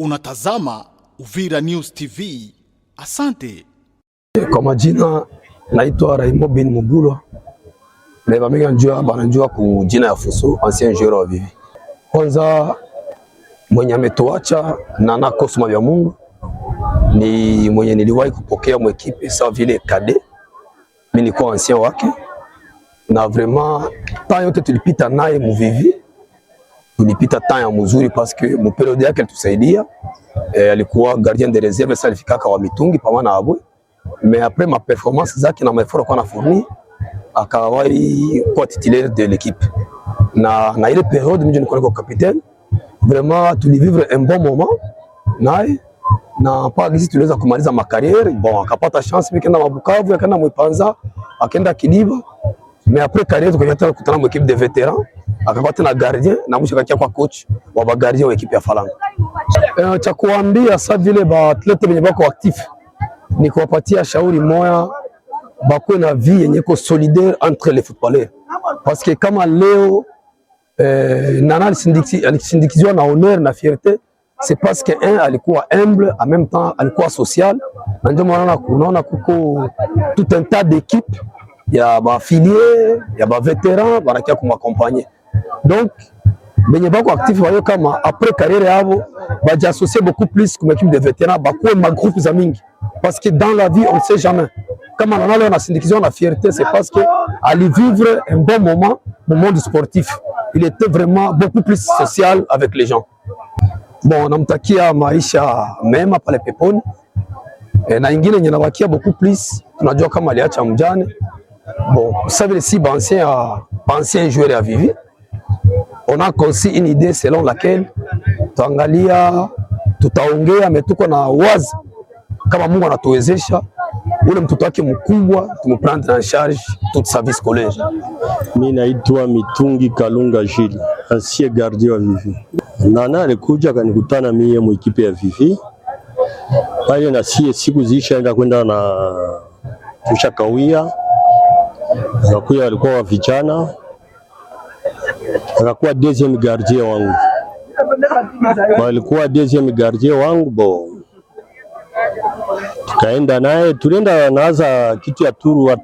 Unatazama Uvira News TV. Asante. Kwa majina naitwa Raimo bin Mubulwa. Na bamiga njua ku jina ya fusu ancien joueur wa Vivi. Kwanza mwenye ametuacha na nakosoma vya Mungu ni mwenye niliwahi kupokea ekipe sawa vile kade, mimi nilikuwa ancien wake na vraiment ta yote tulipita naye muvivi tulipita temps ya mzuri paske muperiode yake alitusaidia e, alikuwa gardien de reserve sasa, alifikaka wa mitungi pamoja na abwe mais après ma performance zake na maeforo kwa na fourni akawahi kuwa titulaire de l'équipe na, na ile periode mimi nilikuwa capitaine vraiment, tulivivre un bon moment naye na mpaka gizi tuliweza kumaliza makariere bon, akapata chance mimi kaenda Mabukavu, akaenda Mwipanza, akaenda Kidiba mais après carrière tukakutana mu equipe de veterans akakuwa na gardien na mwisho kakia kwa coach wa ba gardien wa ekipe ya Falanga. E, cha kuambia sa vile ba atlete benye bako actif ni kuwapatia shauri moya bakwe na vie yenye ko solidaire entre les footballeurs parce que kama leo eh, Nana alisindikiziwa na honneur na fierté c'est parce que un alikuwa humble en même temps alikuwa social, na ndio maana unaona kuko tout un tas d'équipe ya bafilier ya baveteran banakia kumakompanye donc benye bako actif bayo kama après carrière yabo baja associer beaucoup plus comme équipe de vétérans bakuwe groupe za mingi parce que dans la vie on ne sait jamais kama a na on na fierté c'est parce que ali vivre un bon moment au monde sportif il était vraiment beaucoup plus social avec les gens bon namtakia maisha mema pale peponi e, na ingine yenye nabakia beaucoup plus tunajua kama aliacha mjane bon savile si bancien à bancien joueur ya vivi on a conçu une idée selon laquelle tuangalia, tutaongea metuko na wazi kama Mungu anatuwezesha ule mtoto wake mkubwa tumuprendre en charge toute sa vie scolaire. Mimi naitwa Mitungi Kalunga Jili, ancien gardien wa Vivi. Nana alikuja akanikutana mie mwekipe ya Vivi pale, na sie siku enda kwenda na kawia wakuya walikuwa wa vijana akakuwa DCM gardien wangu, walikuwa DCM gardien wangu bo, tukaenda naye, tulienda naza kitu ya turu wa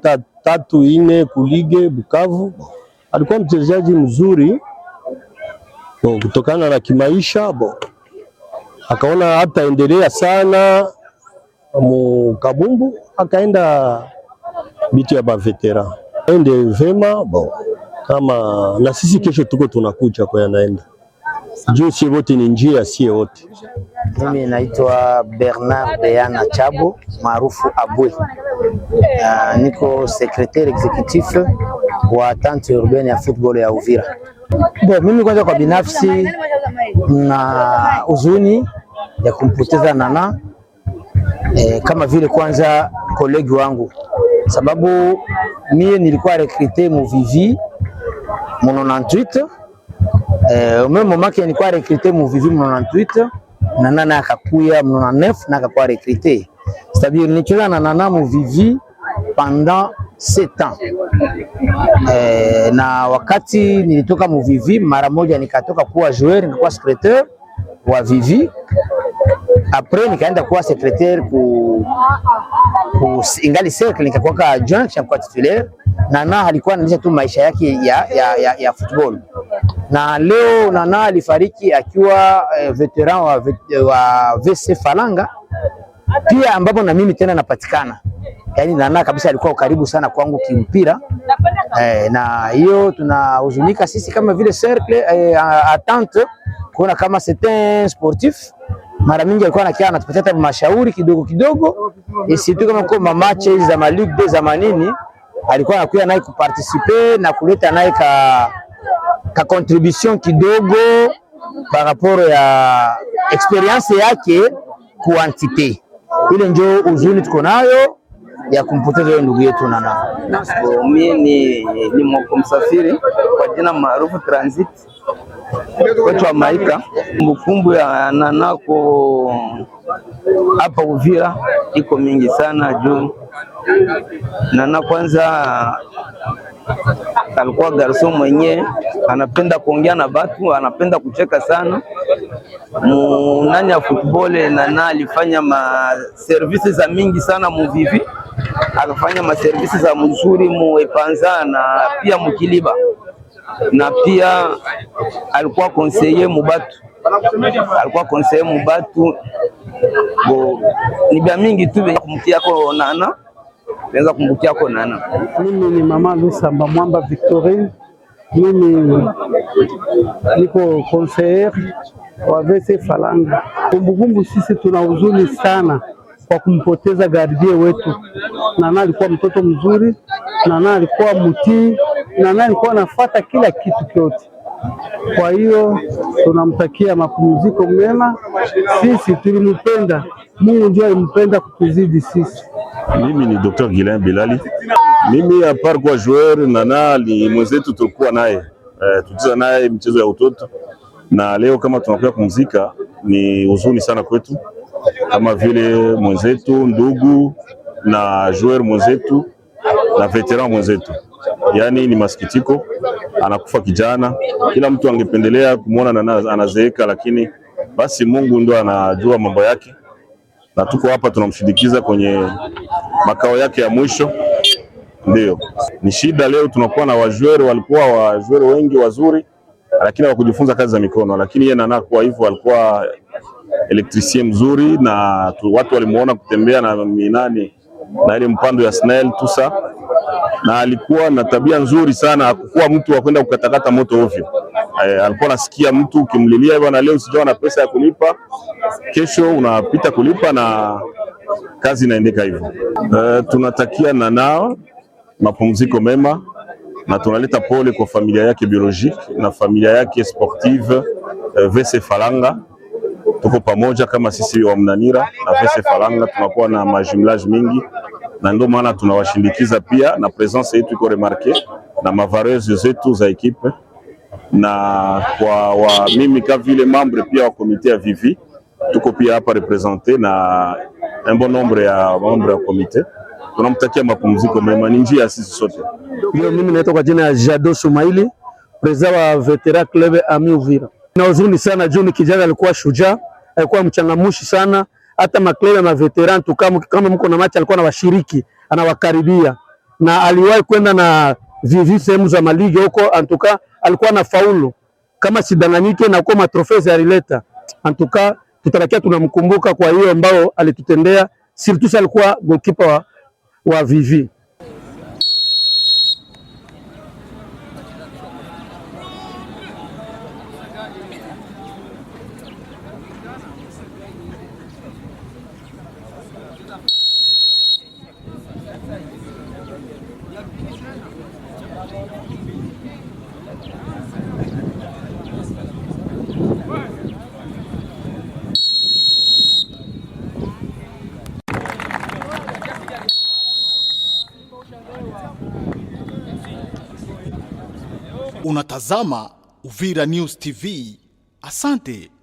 tatu ine kulige Bukavu. Alikuwa mchezaji mzuri bo, kutokana na kimaisha bo, akaona hata endelea sana mukabumbu, akaenda bitu ya baveteran ende vema bo kama na sisi kesho tuko tunakuja kwa yanaenda juu, si wote ni njia, si wote. Mimi naitwa Bernard deana Chabo maarufu Abwe. Uh, niko secretaire executif wa tante urbaine ya football ya Uvira. Bo, mimi kwanza kwa binafsi na uzuni ya kumpoteza Nana eh, kama vile kwanza kolegi wangu, sababu mie nilikuwa rekrite muvivi mu 98 eh, umeme make ni kwa recruter mu vivi mu 98 na nana akakuya mu 99 na akakuwa recruter c'est-à-dire nicheza na nana mu vivi pendant sept ans eh, na wakati nilitoka mu vivi mara moja nikatoka kuwa joueur nikakuwa secrétaire wa vivi apres nikaenda kuwa secrétaire ku, ku ingali cercle nikakuwa adjoint kisha titulaire Nana alikuwa analisha tu maisha yake ya, ya, ya, ya football na leo Nana alifariki akiwa eh, veteran wa, wa VC Falanga pia ambapo na mimi tena napatikana. Yaani Nana kabisa alikuwa karibu sana kwangu kimpira eh, na hiyo tunahuzunika sisi kama vile cercle eh, attente kuona kama certain sportif mara mingi alikuwa anakia anatupatia hata mashauri kidogo kidogo, isitu kama kwa matches za maligue za manini alikuwa anakuja naye kuparticipe na kuleta naye ka, ka contribution kidogo par rapport ya experience yake kuantite ile, njo uzuni tuko nayo ya kumpoteza huyo ndugu yetu nana. Mimi ni, ni Moko Msafiri kwa jina maarufu Transit kwetu wa Maika. Kumbukumbu ya nanako hapa Uvira iko mingi sana juu na na kwanza alikuwa garson mwenye anapenda kuongea na batu, anapenda kucheka sana munani ya football. Nana alifanya ma services za mingi sana muvivi, akafanya ma services za mzuri muepanza na pia mukiliba, na pia alikuwa conseiller mubatu, alikuwa conseiller mubatu bo ni bia mingi tu kumtiako nana naweza kumbukia kwa nana. Mimi ni mama lusa mbamwamba Victorine, mimi niko conseiller wa VC Falanga. Kumbukumbu, sisi tuna huzuni sana kwa kumpoteza gardie wetu. Nana alikuwa mtoto mzuri, Nana alikuwa mtii, Nana alikuwa anafuata kila kitu kyote. Kwa hiyo tunamtakia mapumziko mema, sisi tulimpenda. Mungu ndiye alimpenda kukuzidi sisi. Mimi ni Dr. Gilain Bilali. Mimi apar kwa joueur nana ni mwenzetu tulikuwa naye eh, tucheza naye michezo ya utoto, na leo kama tunakuja kumzika ni huzuni sana kwetu, kama vile mwenzetu ndugu na joueur mwenzetu na veteran mwenzetu, yaani ni masikitiko, anakufa kijana. Kila mtu angependelea kumwona anazeeka, lakini basi Mungu ndo anajua mambo yake na tuko hapa tunamshindikiza kwenye makao yake ya mwisho. Ndio ni shida leo, tunakuwa na wajuere walikuwa wajuere wengi wazuri, lakini hawakujifunza kazi za mikono, lakini yeye Nana kuwa hivyo alikuwa elektrisie mzuri na tu, watu walimuona kutembea na minani na ile mpando ya snail tusa, na alikuwa na tabia nzuri sana, hakukuwa mtu wa kwenda kukatakata moto ovyo. Eh, alikuwa nasikia mtu ukimlilia bwana, leo sijawa na pesa ya kulipa, kesho unapita kulipa na kazi inaendeka hivyo. Eh, tunatakia na mapumziko mema na tunaleta pole kwa familia yake biologique na familia yake sportive eh, VC Falanga tuko pamoja kama sisi wa Mnanira na VC Falanga, tunakuwa na majimlage mingi na ndio maana tunawashindikiza pia, na presence yetu iko remarke na mavareuse zetu za ekipe na kwa wa mimi ka vile membre pia wa komite ya vivi tuko pia hapa represente na un bon nombre ya membre ya komite. Tunamtakia mapumziko mema, ni njia ya sisi sote. Ndio, mimi naitwa kwa jina ya Jado Sumaili, president wa Veteran Club Ami Uvira. Na uzuni sana juu ni kijana alikuwa shujaa, alikuwa mchangamushi sana, hata maklebe na veteran tukamo, kama mko na macho, alikuwa anawashiriki, anawakaribia na aliwahi kwenda na vivi sehemu za maligi huko antuka, alikuwa na faulu kama sidanganyike na kwa matrofee alileta antuka, tutarakia tunamkumbuka kwa hiyo ambao alitutendea sirtusi, alikuwa goalkeeper wa, wa vivi. Unatazama Uvira News TV. Asante.